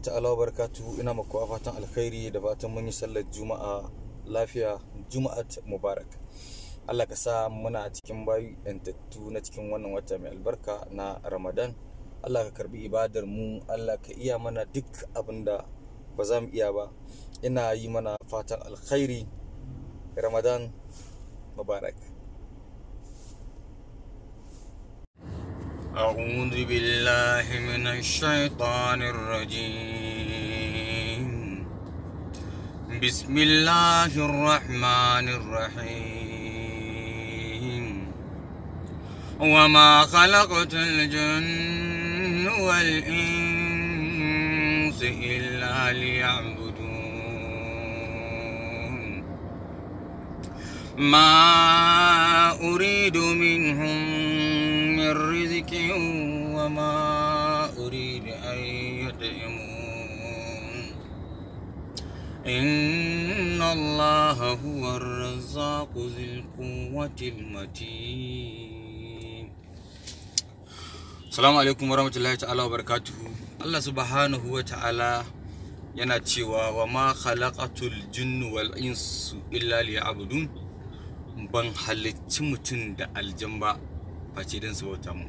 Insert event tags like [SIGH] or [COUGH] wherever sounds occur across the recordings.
rahmatullahi ta'ala barakatu ina a fatan alkhairi da fatan mun yi sallar juma'a lafiya juma'at mubarak Allah ka sa muna a cikin bayu yantattu na cikin wannan wata mai albarka na ramadan Allah ka karbi ibadar mu Allah ka iya mana duk abin da ba za mu iya ba ina yi mana fatan alkhairi ramadan mubarak أعوذ بالله من الشيطان الرجيم بسم الله الرحمن الرحيم وما خلقت الجن والإنس إلا ليعبدون ما أريد منهم من رزق وما أريد أن يطعمون إن الله هو الرزاق ذي القوة المتين السلام عليكم ورحمة الله تعالى وبركاته الله سبحانه وتعالى yana cewa wa ma khalaqatul jinnu wal insu illa liya'budun ban halicci mutum da aljan ba face don su bauta mu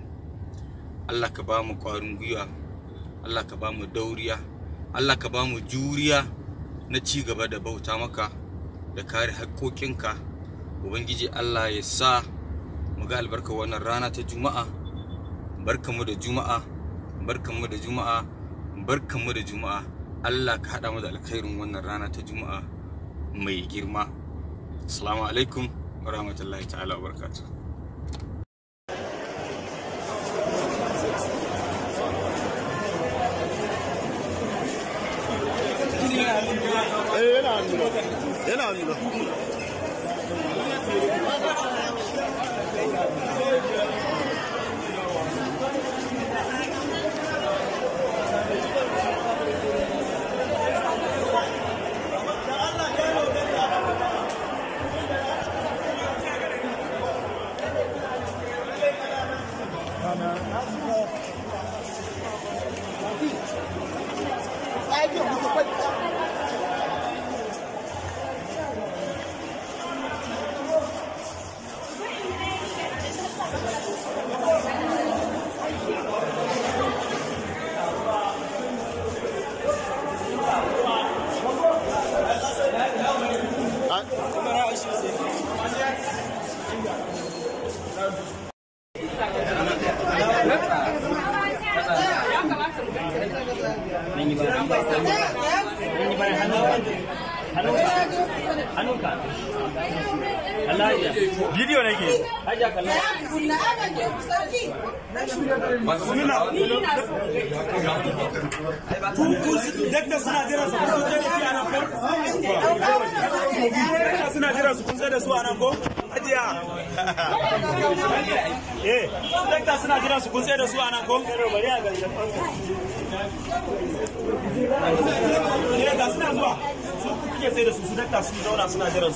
Allah ka ba mu ƙwarin gwiwa Allah ka ba mu dauriya Allah ka ba mu juriya na ci gaba da bauta maka da kare haƙoƙinka ubangiji Allah ya sa mu ga albarka wannan rana ta juma'a Barka mu da juma'a mu da juma'a mu da juma'a Allah ka haɗa mu da alkhairin wannan rana ta juma'a mai girma assalamu alaikum rahmatullahi ta'ala wa barakatuh 别聊你们。bidiyo nake dakta suna a suna su kun eh su kun da su a nan ko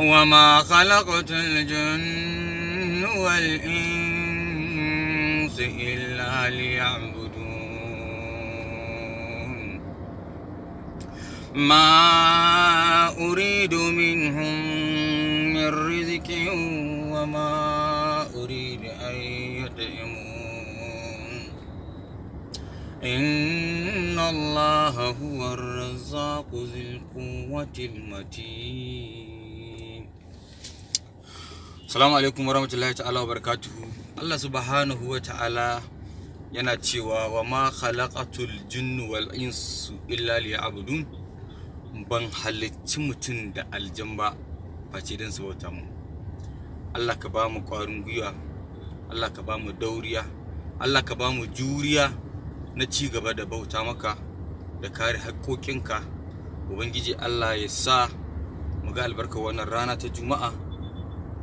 وما خلقت الجن والإنس إلا ليعبدون ما أريد منهم من رزق وما أريد أن يطعمون إن الله هو الرزاق ذي القوة المتين Salamu alaikum wa rahmatullahi ta'ala barakatuhu Allah subhanahu wa ta'ala yana cewa wa ma khalaqatul jinnu wal insu illa liya'budun ban halicci mutum da aljan ba face dan su bauta mu. Allah ka ba mu ƙwarin gwiwa, Allah ka ba mu dauriya, Allah ka ba mu juriya na ci gaba da bauta maka da kare haƙƙoƙinka. Ubangiji Allah ya sa mu ga albarkar wannan rana ta Juma'a.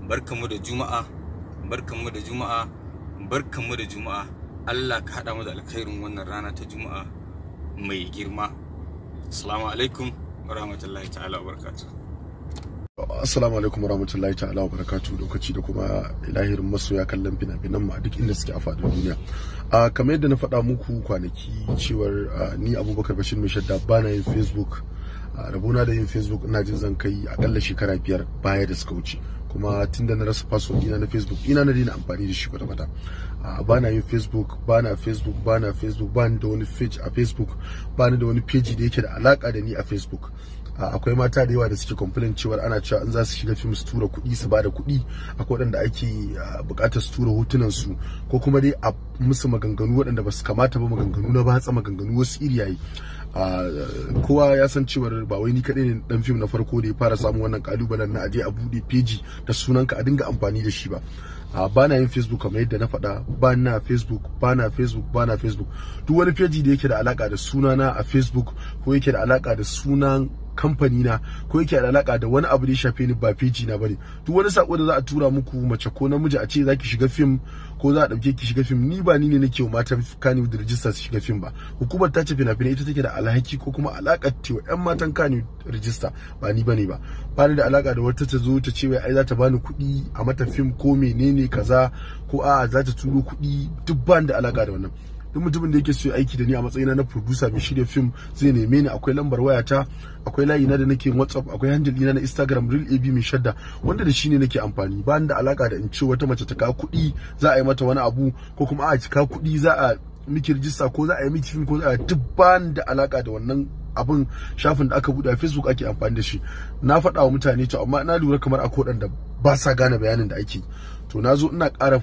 barkanmu da juma'a barkanmu da juma'a barkanmu da juma'a Allah ka haɗa mu da alkhairin wannan rana ta juma'a mai girma assalamu alaikum warahmatullahi ta'ala wabarakatuh Assalamu alaikum warahmatullahi ta'ala wa barakatu lokaci da kuma ilahirin masoya kallon fina-finan mu a duk inda suke a faɗin duniya. A kamar yadda na faɗa muku kwanaki cewar ni Abubakar Bashir mai shadda bana yin Facebook rabona da yin facebook ina jin zan kai akalla shekara biyar baya da suka wuce kuma tun da na rasa password ina na facebook ina na daina amfani da shi kwata-kwata ba na yin facebook ba na facebook ba na facebook ba da wani page a facebook ba da wani page da yake da alaka da ni a facebook akwai mata da yawa da suke complain cewar ana cewa in za su shiga fim su tura kuɗi su bada kuɗi akwai waɗanda ake buƙatar su tura hotunan su ko kuma dai a musu maganganu waɗanda ba su kamata ba maganganu na batsa maganganu wasu iriyaye kowa ya san cewar ba wai ni kaɗai ne dan fim na farko da ya fara samun wannan kalubalen na aje a buɗe peji da sunanka a dinga amfani da shi ba ba na yin facebook kamar yadda na faɗa ba na facebook ba na facebook ba na facebook duk wani peji da yake da alaka da sunana a facebook ko yake da alaka da sunan kamfani na ko yake da alaka da wani abu da ya shafe ni ba feji na bane duk wani sako da za a tura muku mace ko namiji a ce zaki shiga fim ko za a dauke ki shiga fim ni ba ni ne nake mata kani da register su shiga film ba hukumar ta ce fina-finai ita take da alhaki ko kuma alakar wa yan matan kani register ba ni bane ba ba ni da alaka da wata ta zo ta ce wai ai za ta bani kuɗi a mata fim ko menene kaza ko a za ta turo kuɗi duk ban da alaka da wannan duk mutumin da yake so aiki da ni a matsayina na producer mai shirya film zai neme ni akwai lambar wayata akwai layi na da nake whatsapp akwai handle ina na instagram real ab mai shadda wanda da shine nake amfani ba da alaka da in ce wata mace ta ka kuɗi za a yi mata wani abu ko kuma a ka kuɗi za a miki rijista ko za a yi miki film ko za a duk ba da alaka da wannan abin shafin da aka buɗe a facebook ake amfani da shi na faɗa wa mutane to amma na lura kamar a koɗan da ba sa gane bayanin da ake to na zo ina ƙara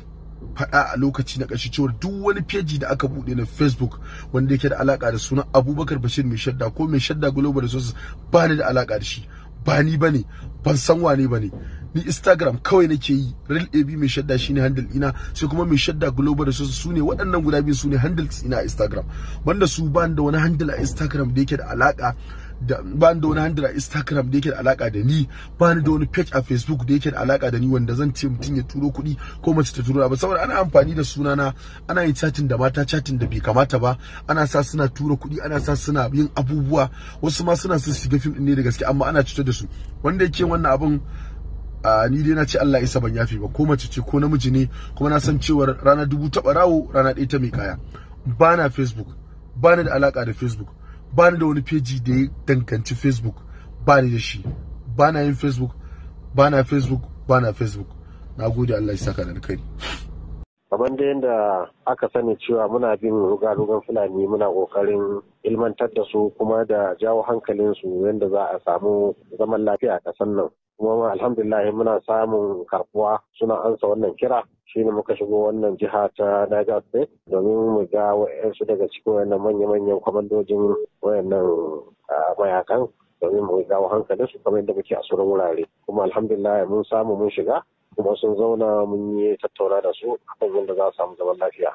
faɗa a lokaci na ƙarshe cewa duk wani feji da aka buɗe na facebook wanda yake da alaka da sunan abubakar bashir mai shadda ko mai shadda global resources ba ni da alaka da shi ba ni bane ban san wane bane ni instagram kawai nake yi real ab mai shadda shine handle ina sai kuma mai shadda global resources sune waɗannan guda biyu sune handles ina a instagram banda su ban da wani handle a instagram da yake da alaka da ba ni da wani handle a Instagram da yake da alaka da ni ba ni da wani page a Facebook da yake da alaka da ni wanda zan ce mutum ya turo kuɗi ko mace ta turo ba saboda ana amfani da sunana ana yin chatting da mata chatting da bai kamata ba ana sa suna tura kuɗi ana sa suna yin abubuwa wasu ma suna sun shiga fim ne da gaske amma ana cutar da su wanda yake wannan abun a ni dai na ce Allah isa ban yafi ba ko mace ce ko namiji ne kuma na san cewa rana dubu ta barawo rana ɗaya ta mai kaya bana Facebook bana da alaka da Facebook bani da wani peji da ya danganci facebook bani da shi ba na yin facebook ba na facebook ba na facebook na gode allah ya saka da kai kamar da yadda aka sani cewa muna bin ruga-rugan fulani muna kokarin ilmantar da su kuma da jawo hankalinsu yadda za a samu zaman lafiya a ƙasar nan kuma alhamdulillah muna samun karbuwa suna ansa wannan kira shi ne muka shigo wannan jiha ta Niger State domin mu ga wayansu daga cikin wannan manya-manyan kwamandojin wayannan mayakan domin mu ga hankalin su kamar yadda muke a sauran wurare kuma alhamdulillah mun samu mun shiga kuma sun zauna mun yi tattauna da su akan yadda za su samu zaman lafiya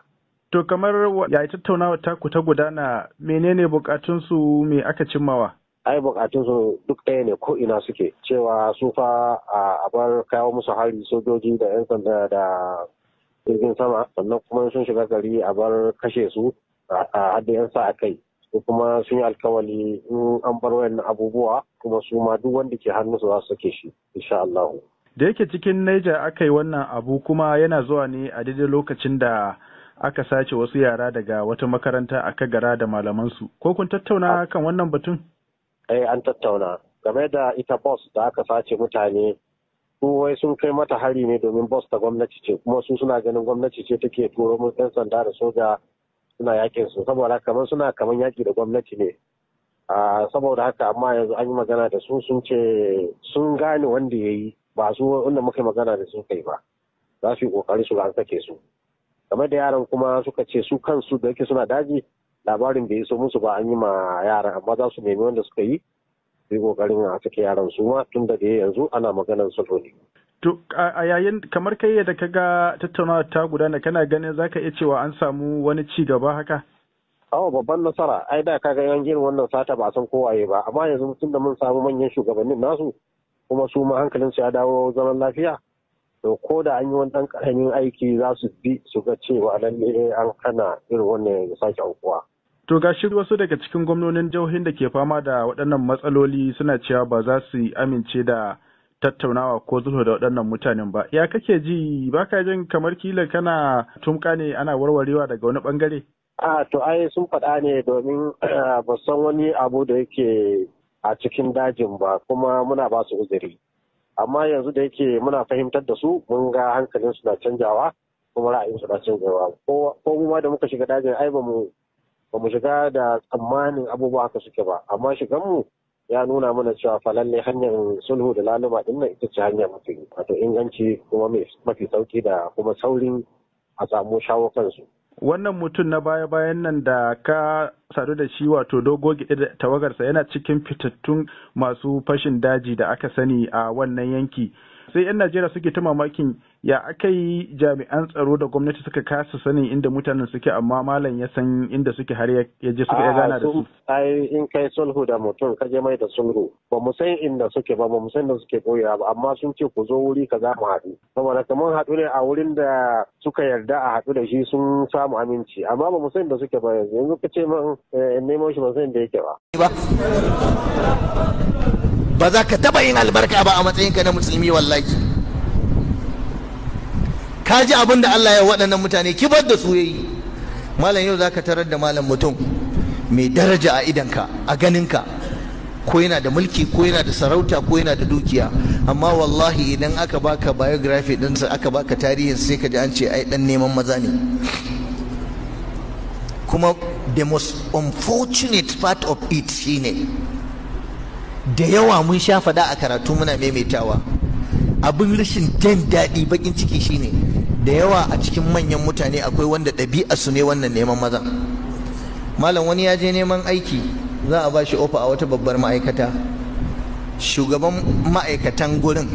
To kamar ya tattaunawa taku ta gudana menene bukatunsu me aka cimmawa? ai bukatun su duk ɗaya ne ko ina suke cewa su fa a bar kawo musu hari sojoji da 'yan sanda da jirgin sama sannan kuma sun shiga gari a bar kashe su a hada 'yan sa a kai kuma sun yi alkawali in an bar wayannan abubuwa kuma su ma duk wanda ke hannu su za su sake shi insha Allah. Da yake cikin Niger aka yi wannan abu kuma yana zuwa ne a daidai lokacin da aka sace wasu yara daga wata makaranta a kagara da malamansu. Ko kun tattauna kan wannan batun? eh an tattauna game da ita bus da aka sace mutane kowai sun kai mata hari ne domin bus ta gwamnati ce kuma su suna ganin gwamnati ce take turo mun ɗan sanda da soja suna yakin su saboda kamar suna kamar yaki da gwamnati ne ah, saboda haka amma yanzu an yi magana da su sun ce sun gane wanda ya yi ba su wanda muka magana da sun kai ba za su yi kokari su ga su game da yaran kuma suka ce su kansu da yake suna daji labarin da ya so musu ba an yi ma yaran amma za su nemi wanda suka yi su yi kokarin a saka yaran su ma tun da yanzu ana maganar su ne. To a yayin kamar kai yadda ka ga tattaunawa ta gudana kana ganin za ka iya cewa an samu wani ci gaba haka? Awa babban nasara ai da ka ga yan girin wannan sata ba san kowaye ba amma yanzu tun da mun samu manyan shugabannin nasu kuma su ma hankalin su ya dawo zaman lafiya to ko da an yi wani ɗan ƙaramin aiki za su bi su ga cewa lalle an hana irin wannan ya sake aukuwa. To ga shi wasu daga cikin gwamnonin jihohin da ke fama da waɗannan matsaloli suna cewa ba za su amince da tattaunawa ko zuho da waɗannan mutanen ba. Ya kake ji ba ka jin kamar kila kana tumka ne ana warwarewa daga wani ɓangare? A to ai sun faɗa ne domin eh, ba san wani abu da yake a cikin dajin ba kuma muna ba su uzuri. Amma yanzu da yake muna fahimtar da su mun ga hankalin su na canjawa kuma ra'ayinsu na canjawa. Ko mu ma da muka shiga dajin ai ba mu ba mu shiga da tsammanin abubuwa haka suke ba amma shiganmu ya nuna mana cewa fa hanyar sulhu da laluma din nan ita ce hanya mafi wato inganci kuma mafi sauki da kuma saurin a samu shawo kansu wannan mutum na baya-bayan nan da ka sadu da shi wato dogo gida da tawagarsa yana cikin fitattun masu fashin daji da aka sani a wannan yanki sai 'yan najeriya suke ta mamakin ya aka yi jami'an tsaro da gwamnati suka kasa sanin inda mutanen suke amma malam ya san inda suke har ya je suka gana da su ai in kai sulhu da mutum ka je mai da sulhu ba mu san inda suke ba ba mu san inda suke koya ba amma sun ce ku zo wuri ka za mu haɗu saboda kamar haɗu ne a wurin da suka yarda a haɗu da shi sun samu aminci amma ba mu san inda suke ba yanzu yanzu ka ce man eh, neman shi ba san inda yake ba ba za ka taba yin albarka ba a matsayinka na musulmi wallahi ka ji abin da Allah ya waɗannan mutane kibar da su yayi malam yau za ka tarar da malam mutum mai daraja a idanka a ganinka ko yana da mulki ko yana da sarauta ko yana da dukiya amma wallahi idan aka baka biography ɗinsa aka baka tarihin sai ka ji an ce ai dan neman maza ne kuma the most unfortunate part of it shine da yawa mun sha faɗa a karatu muna maimaitawa abin rashin jan daɗi bakin ciki shine da yawa a cikin manyan mutane akwai wanda ɗabi'a su ne wannan neman maza malam wani ya je neman aiki za a ba shi ofa a wata babbar ma'aikata shugaban ma'aikatan gurin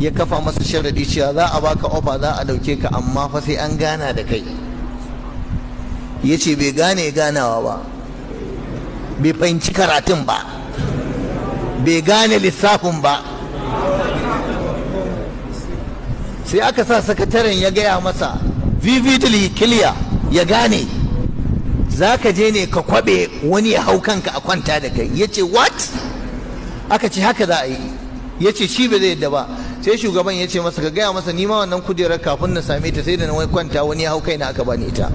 ya kafa masa sharadi cewa za a baka ofa za a dauke ka amma fa sai an gana da kai ya ce bai gane ganawa ba bai fahimci karatun ba bai gane lissafin ba sai aka sa sakataren ya gaya masa vividly clear ya gane za ka je ne ka kwabe wani ya hau kanka a kwanta da kai ya ce what aka ce haka za a yi ya ce shi ba zai yadda ba sai shugaban ya ce masa ka gaya masa nima wannan kujerar kafin na same ta sai da na kwanta wani ya hau kaina aka bani ita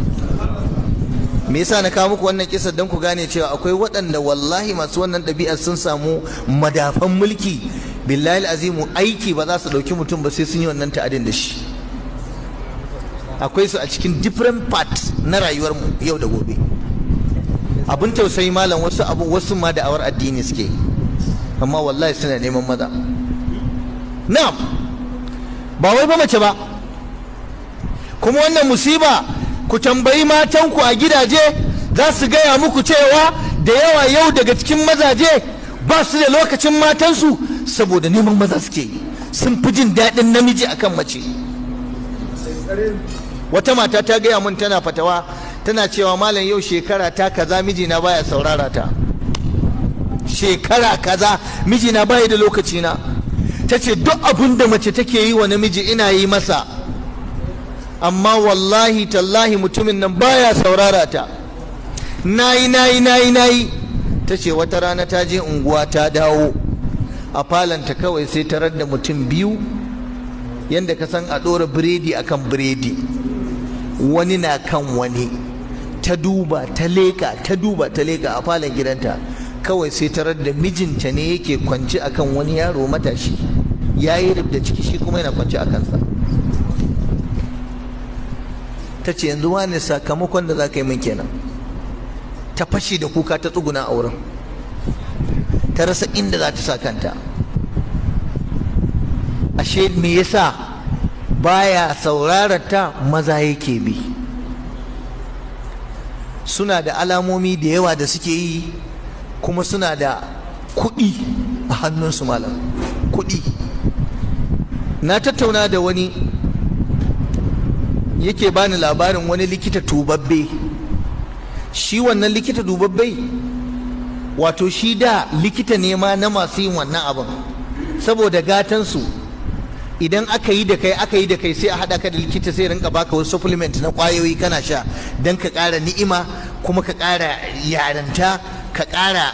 me yasa na kawo muku wannan kisa don ku gane cewa akwai waɗanda wallahi masu wannan ɗabi'ar sun samu madafan mulki billahi azimu aiki ba za su ɗauki mutum ba sai sun yi wannan ta'adin da shi akwai su a cikin different part na rayuwar yau da gobe abin tausayi malam wasu abu wasu ma da awar addini suke amma wallahi suna neman maza Na ba wai ba mace ba kuma wannan musiba ku tambayi matanku a gidaje za su gaya muku cewa da yawa yau daga cikin mazaje ba su da lokacin matansu saboda neman maza suke yi sun fi jin daɗin namiji akan mace wata mata ta gaya mun tana fatawa tana cewa malam yau shekara ta kaza mijina baya saurara ta shekara kaza mijina baya da lokacina. na ta ce duk abin da mace take yi wa namiji ina yi masa amma wallahi tallahi mutumin nan baya saurara ta nayi nayi nayi nayi ta ce wata rana ta je unguwa ta dawo a falanta kawai sai tarar da mutum biyu yadda ka san a ɗora biredi akan biredi wani na kan wani ta duba ta leƙa ta duba ta leƙa a falon gidanta kawai sai tarar da mijinta ne yake kwanci akan wani yaro matashi ya yi da ciki shi kuma yana kwanci a kansa ta ce yanzu wani sakamakon da za ka yi min kenan ta fashe da kuka ta tsuguna a wurin ta rasa inda za ta sa kanta ashe me yasa baya saurarar ta maza yake bi suna da alamomi da yawa da suke yi kuma suna da kuɗi a hannunsu malam kuɗi na tattauna da wani yake bani labarin wani likita tubabbe shi wannan likita tubabbe wato shi da likita ne ma na masu yin wannan abin saboda gatansu idan aka yi da kai aka yi da kai sai a haɗa ka da likita sai rinka baka wasu supplement na ƙwayoyi kana sha don ka ƙara ni'ima kuma ka ƙara yaranta ka ƙara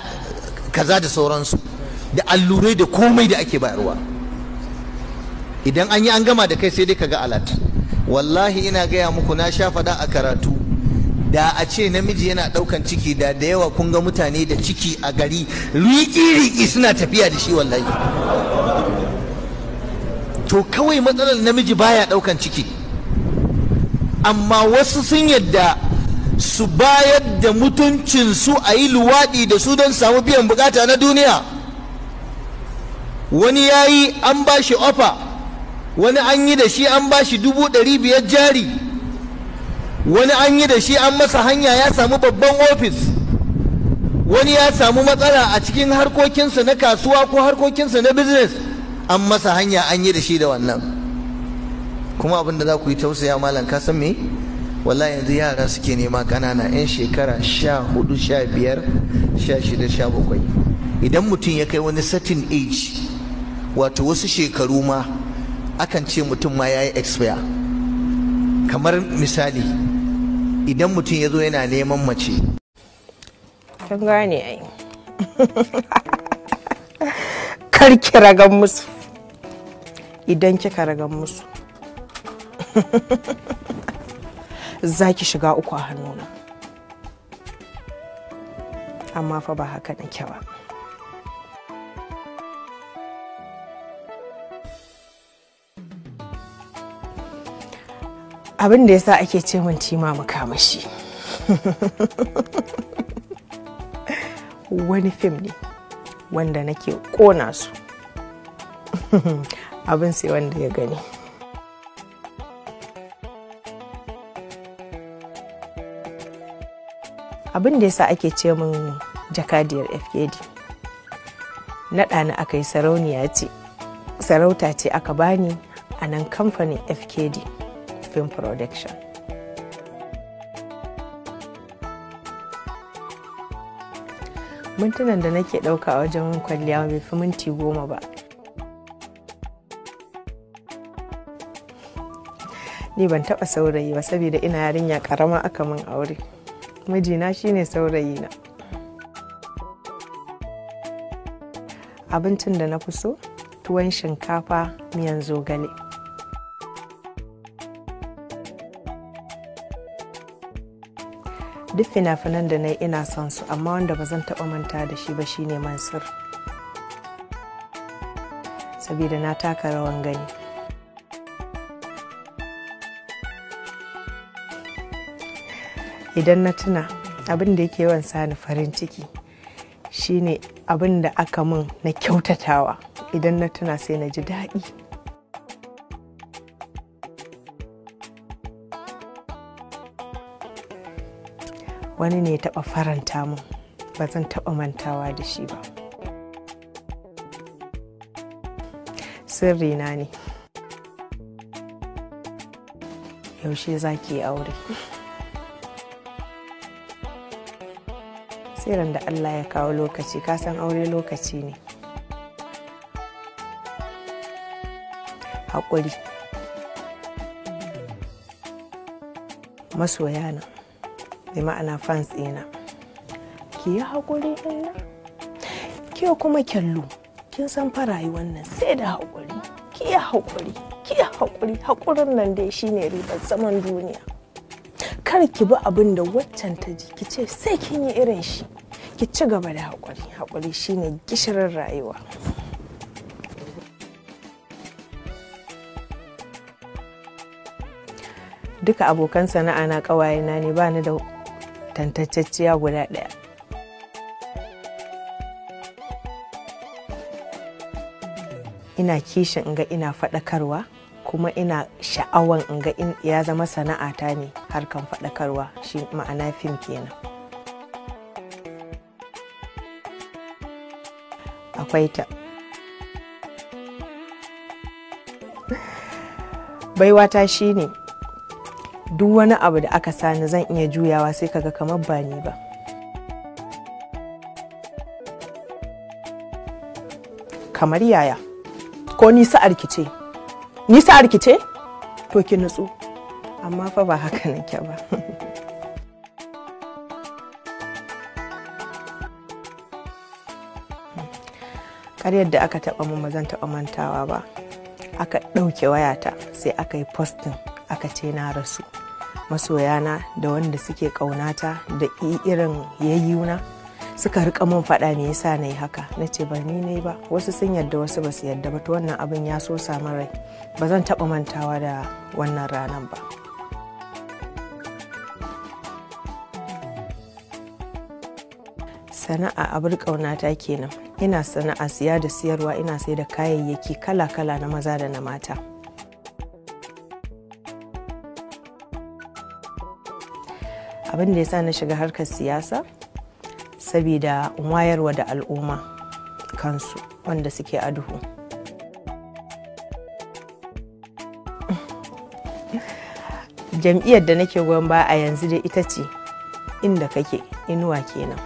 kaza da sauransu da allurai da komai da ake bayarwa idan an yi an gama da kai sai dai ka ga alat wallahi ina gaya muku na sha faɗa a karatu da a ce namiji yana ɗaukan ciki da da yawa kun ga mutane da ciki a gari riki-riki suna tafiya da shi wallahi to kawai matsalar namiji baya ɗaukan ciki amma wasu sun yadda su bayar da mutuncinsu a yi luwaɗi da su don samu biyan bukata na duniya wani ya yi an ba shi ofa wani an yi da shi an ba shi dubu ɗari biyar jari wani an yi da shi an masa hanya ya samu babban ofis wani ya samu matsala a cikin harkokinsa na kasuwa ko harkokinsa na business an masa hanya an yi da shi da wannan kuma abin da za ku yi tausaya malam ka san me wallahi yanzu yara suke nema ƙanana 'yan shekara sha hudu sha biyar sha shida sha bakwai idan mutum ya kai wani certain age wato wasu shekaru ma akan ce mutum ma ya yi expire kamar misali idan mutum ya zo yana neman mace kan gane ai [LAUGHS] karki ragan musu idan kika ragan musu [LAUGHS] za ki shiga uku a hannuna amma fa ba haka nake ba abin da yasa ake ce mun cima makamashi [LAUGHS] wani fim ne wanda nake kona su [LAUGHS] abin sai wanda ya gani abin da yasa ake ce mun jakadiyar fkd naɗa ni aka yi sarauniya ce sarauta ce aka bani a nan kamfanin fkd film production mintunan da nake ɗauka a wajen kwalliya bai fi minti goma ba ni ban taɓa saurayi ba saboda ina yarinya ƙarama aka min aure mijina shine saurayina abincin da na fi so tuwon shinkafa miyan zogale duk fina-finan da na yi ina son su amma wanda ba zan taɓa manta da shi ba shine mansur saboda na taka rawan gani idan na tuna abin da yake yawan sani farin ciki shine abin da aka min na kyautatawa idan na tuna sai na ji daɗi wani ne ya taɓa faranta mun ba zan taɓa mantawa da shi ba sirri na ne yaushe za ki yi aure tsiran da allah ya kawo lokaci kasan aure lokaci ne haƙuri masoya na bi ma'ana fans ɗina ki yi haƙuri ɗin ki kuma kyallu kin san fa rayuwar nan sai da hakuri! ki yi haƙuri ki yi haƙuri haƙurin nan dai shine ribar zaman duniya kar ki bi abin da waccan ta ji ki ce sai kin yi irin shi ki ci gaba da hakuri! haƙuri shine gishirin rayuwa duka abokan sana'a na ƙawayena ne ba ni da tantacciya guda ɗaya ina kishin in ga ina faɗakarwa kuma ina sha'awan in ga ya zama sana'ata ne harkan faɗakarwa shi ma'ana fim kenan akwai ta baiwata shi ne. duk wani abu da aka sani zan iya juyawa sai kaga kamar ba ni ba kamar yaya ko ni sa'ar ce ni sa'ar ce to ki nutsu amma fa ba haka [LAUGHS] nake ba Kar yadda aka taba mu zan taba mantawa ba aka ɗauke wayata sai aka yi postin aka ce na rasu masoyana da wanda suke kaunata da irin yayyuna suka rika mun faɗa me yasa na yi haka na ce ba ni ne ba wasu sun yarda wasu ba su yarda ba to wannan abin ya so samu rai ba zan taba mantawa da wannan ranar ba sana'a abin ƙaunata kenan ina sana'a siya da siyarwa ina sai da kayayyaki kala-kala na maza da na mata abin da ya sa na shiga harkar siyasa saboda wayarwa da al'umma kansu wanda suke a duhu [LAUGHS] jam'iyyar da nake gwamba a yanzu da ita ce inda kake inuwa kenan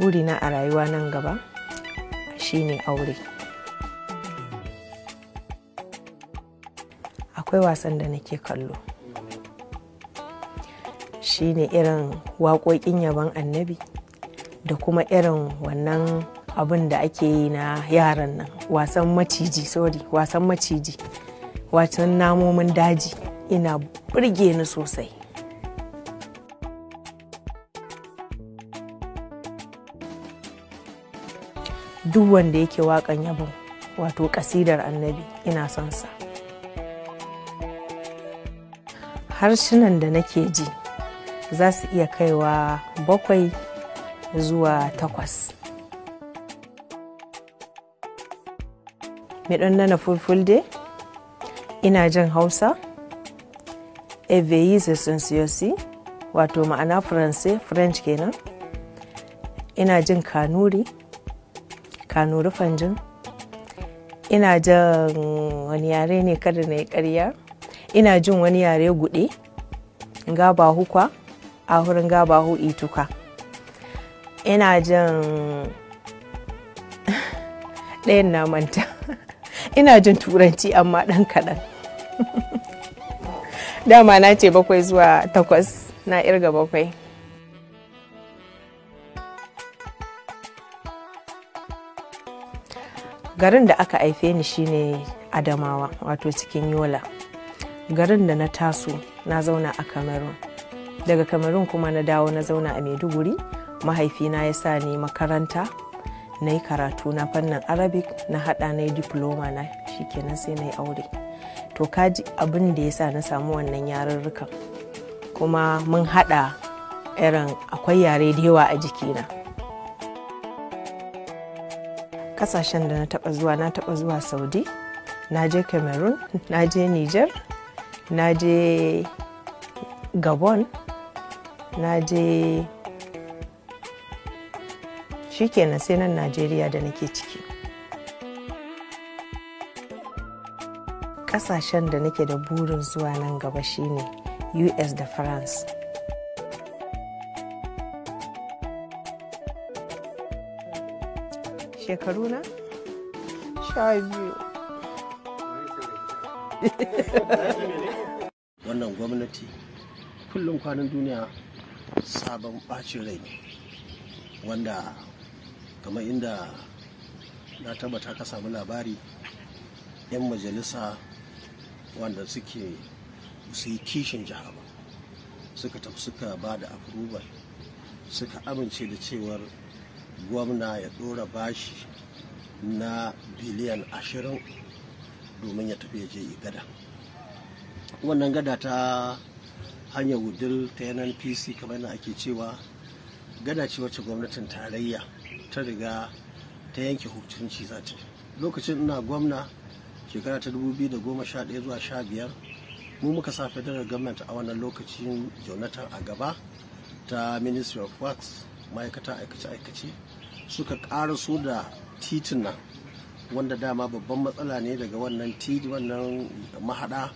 burina a rayuwa nan gaba shine aure akwai wasan da nake kallo shine irin waƙoƙin yaban annabi da kuma irin wannan abin da ake yi na yaran nan wasan maciji sorry wasan maciji wasan namomin daji ina burge ni sosai duk wanda yake waƙan yabon wato ƙasidar annabi ina son sa harsunan da nake ji za su iya kaiwa bakwai zuwa takwas mai nana fulfulde ina jin hausa eveise sensiyosi wato ma'ana france french kenan ina jin kanuri kanuri fanjin ina jin wani yare ne kada na yi karya ina jin wani yare guɗe nga ba hukwa a hurin ga ituka ina jin [LAUGHS] ɗayan na manta [LAUGHS] ina jin turanci amma ɗan kaɗan [LAUGHS] dama na ce bakwai zuwa takwas na irga bakwai garin da aka haife ni shine adamawa wato cikin yola garin da na taso na zauna a cameroon daga cameroon kuma na dawo na zauna a maiduguri mahaifina ya sa ni makaranta na yi karatu na fannin arabic na hada na yi diploma na shikenan sai na yi aure to kaji abin da ya sa na samu wannan yarurrukan kuma mun hada irin akwai yare da yawa a jikina kasashen da na taba zuwa na taba zuwa saudi na je cameroon [LAUGHS] na je niger na je gabon na je shikenan sai nan najeriya da nake ciki kasashen da nake da burin zuwa nan gaba shine us da france shekaru na sha biyu [LAUGHS] wannan gwamnati kullum kwanan duniya sabon bacin rai ne wanda kamar inda na tabbata ka samu labari 'yan majalisa wanda suke su yi kishin jiha ba suka tafi suka ba da approval suka amince da cewar gwamna ya dora bashi na biliyan ashirin domin ya tafi je gada wannan gada ta hanyar wudil ta yanar pc kamar yadda ake cewa gada ce wacce gwamnatin tarayya ta riga ta yanke hukunci za ta lokacin ina gwamna shekara ta 2011 zuwa 15 mu muka sa federal government a wannan lokacin jonathan a gaba ta ministry of works ma'aikata aikace-aikace suka ƙaraso da titin nan wanda dama babban matsala ne daga wannan tidi wannan mahada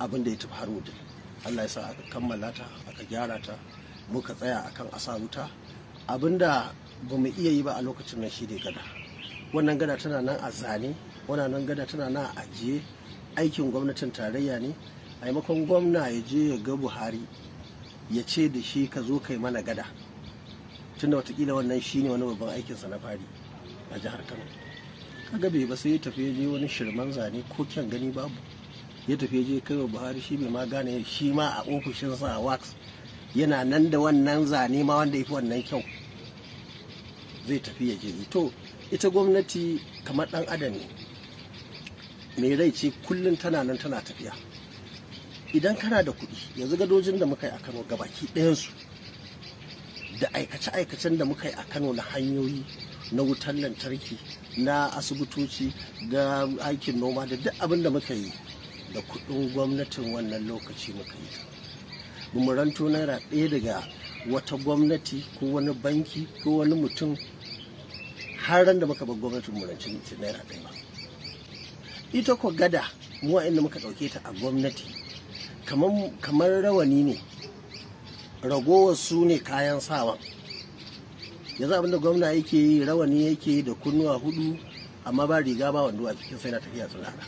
abin ya tafi har allah ya sa aka kammala ta aka gyara ta muka tsaya akan asa wuta Abinda da ba mu iya yi ba a lokacin nan shine gada wannan gada tana nan a zane wannan gada tana nan a ajiye aikin gwamnatin tarayya ne a maimakon gwamna ya je ya ga buhari ya ce da shi ka zo kai mana gada tunda watakila wannan shine wani babban aikinsa na fari a jihar kano kaga bai ba sai ya tafi je wani shirman zane ko kyan gani babu ya tafi ya je kai wa buhari shi bai ma gane shi ma a ofishinsa a wax yana nan da wannan zane ma wanda ya fi wannan kyau zai tafi ya je to ita gwamnati kamar dan adam ne mai rai ce kullum tana nan tana tafiya idan kana da kuɗi yanzu gadojin da muka yi a kano gabaki ɗayansu da aikace-aikacen da muka yi a kano na hanyoyi na wutan lantarki na asibitoci da aikin noma da duk abin da muka yi da kudin gwamnatin wannan lokaci muka yi ba naira ɗaya daga wata gwamnati ko wani banki ko wani mutum har ran da muka bar gwamnatin mu naira ɗaya ba ita ko gada mu inda muka ɗauke ta a gwamnati kamar rawani ne ragowar su ne kayan sawa yanzu abin da gwamna yake yi rawani yake da kunnuwa hudu amma ba riga ba wando a cikin sai na tafiya tsirara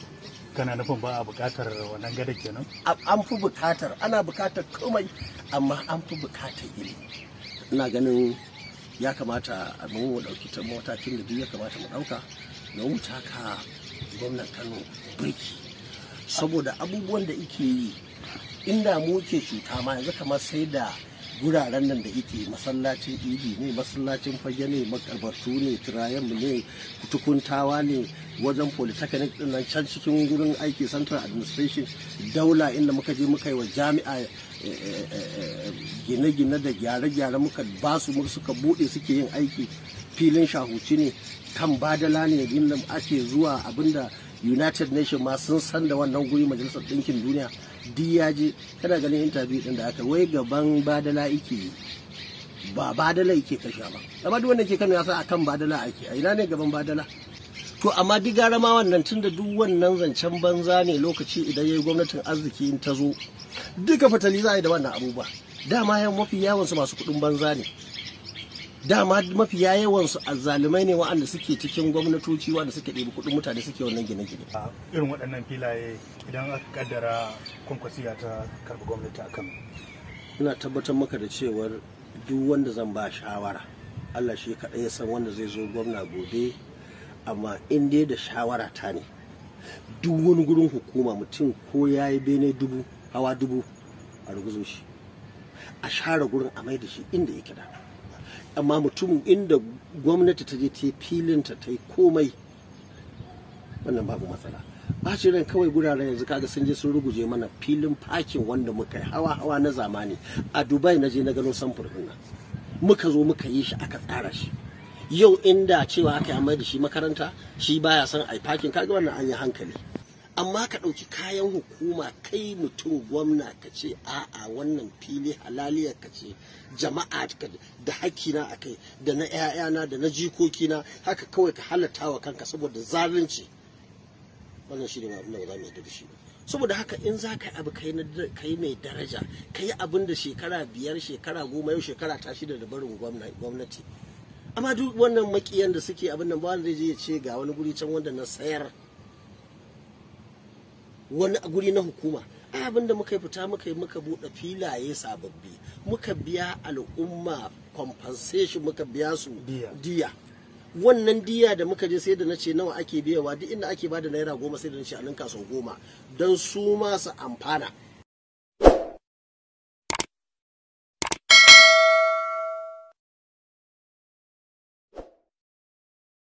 kana nufin ba a bukatar wannan gada kenan an fi bukatar ana bukatar komai amma an fi bukatar ilimi ina ganin ya kamata a mu dauki ta kin da ya kamata mu dauka na wuta ka gwamnan Kano birki saboda abubuwan da ike yi inda mu ke cuta ma yanzu kamar sai da guraren nan da ike masallacin idi ne masallacin fage ne makarbartu ne tirayenmu ne tukuntawa ne wajen polytechnic din nan can cikin gurin aiki central administration daula inda muka je muka yi wa jami'a eh, eh, eh, gine-gine da gyare-gyare muka ba basu suka bude suke yin aiki filin shahuci ne kan badala ne inda ake zuwa abinda united nations ma sun san da wannan guri majalisar ɗinkin duniya diyaje ya je kana ganin interview din da aka wai gaban badala yake ba badala yake kashe ba amma duk wanda ke kano ya sa akan badala ake a ina ne gaban badala to amma duk gara ma wannan tun da duk wannan zancen banza ne lokaci idan ya gwamnatin arziki in ta zo duka fatali za a yi da wannan abubuwa dama yan mafi yawansu masu kuɗin banza ne dama mafiya yawan su azzalumai ne waɗanda suke cikin gwamnatoci waɗanda suke ɗebi kuɗin mutane suke wannan gine-gine. irin waɗannan filaye idan aka kaddara kwankwasiya ta karɓi gwamnati akan. ina tabbatar maka da cewar duk wanda zan ba shawara Allah shi kaɗai ya san wanda zai zo gwamna gobe amma in dai da shawara ta ne duk wani gurin hukuma mutum ko ya yi bene dubu hawa dubu a ruguzo shi a share gurin a mai da shi inda yake dama amma mutum inda gwamnati ta je ta yi filinta ta yi komai wannan babu matsala bacin ran kawai guraren yanzu kaga sun je sun ruguje mana filin fakin wanda muka yi hawa hawa na zamani a dubai na je na gano samfur nan muka zo muka yi shi aka tsara shi yau inda cewa aka yi amma da shi makaranta shi baya son a yi fakin kaga wannan an yi hankali amma ka ɗauki kayan hukuma kai mutum gwamna ka ce a'a wannan fili halaliyar ka ce jama'a da hakina a kai da na 'ya'yana da na jikokina haka kawai ka halatta wa kanka saboda zalunci wannan shi ne abin za shi saboda haka in za ka yi abu ka yi mai daraja ka yi abin da shekara biyar shekara goma yau shekara ta shida da barin gwamnati amma duk wannan makiyan da suke abin nan ba wanda zai je ya ce ga wani guri can wanda na sayar wani guri na hukuma ai abin da muka fita muka yi muka buɗe filaye sababbi muka biya al'umma compensation muka biya su diya wannan diya da muka je sai da na ce nawa ake biyawa duk inda ake bada naira goma sai da na ce a ninka sau goma don su ma su amfana